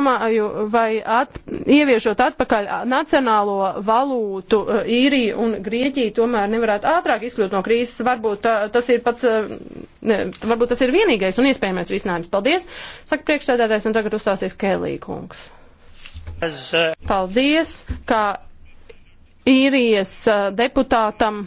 sākumā, vai at, ieviešot atpakaļ nacionālo valūtu e, īriju un Grieķiju, tomēr nevarētu ātrāk izkļūt no krīzes. Varbūt e, tas ir pats, e, ne, varbūt tas ir vienīgais un iespējamais risinājums. Paldies, saka priekšsēdētājs, un tagad uzstāsies Kēlī kungs. Paldies, kā īrijas deputātam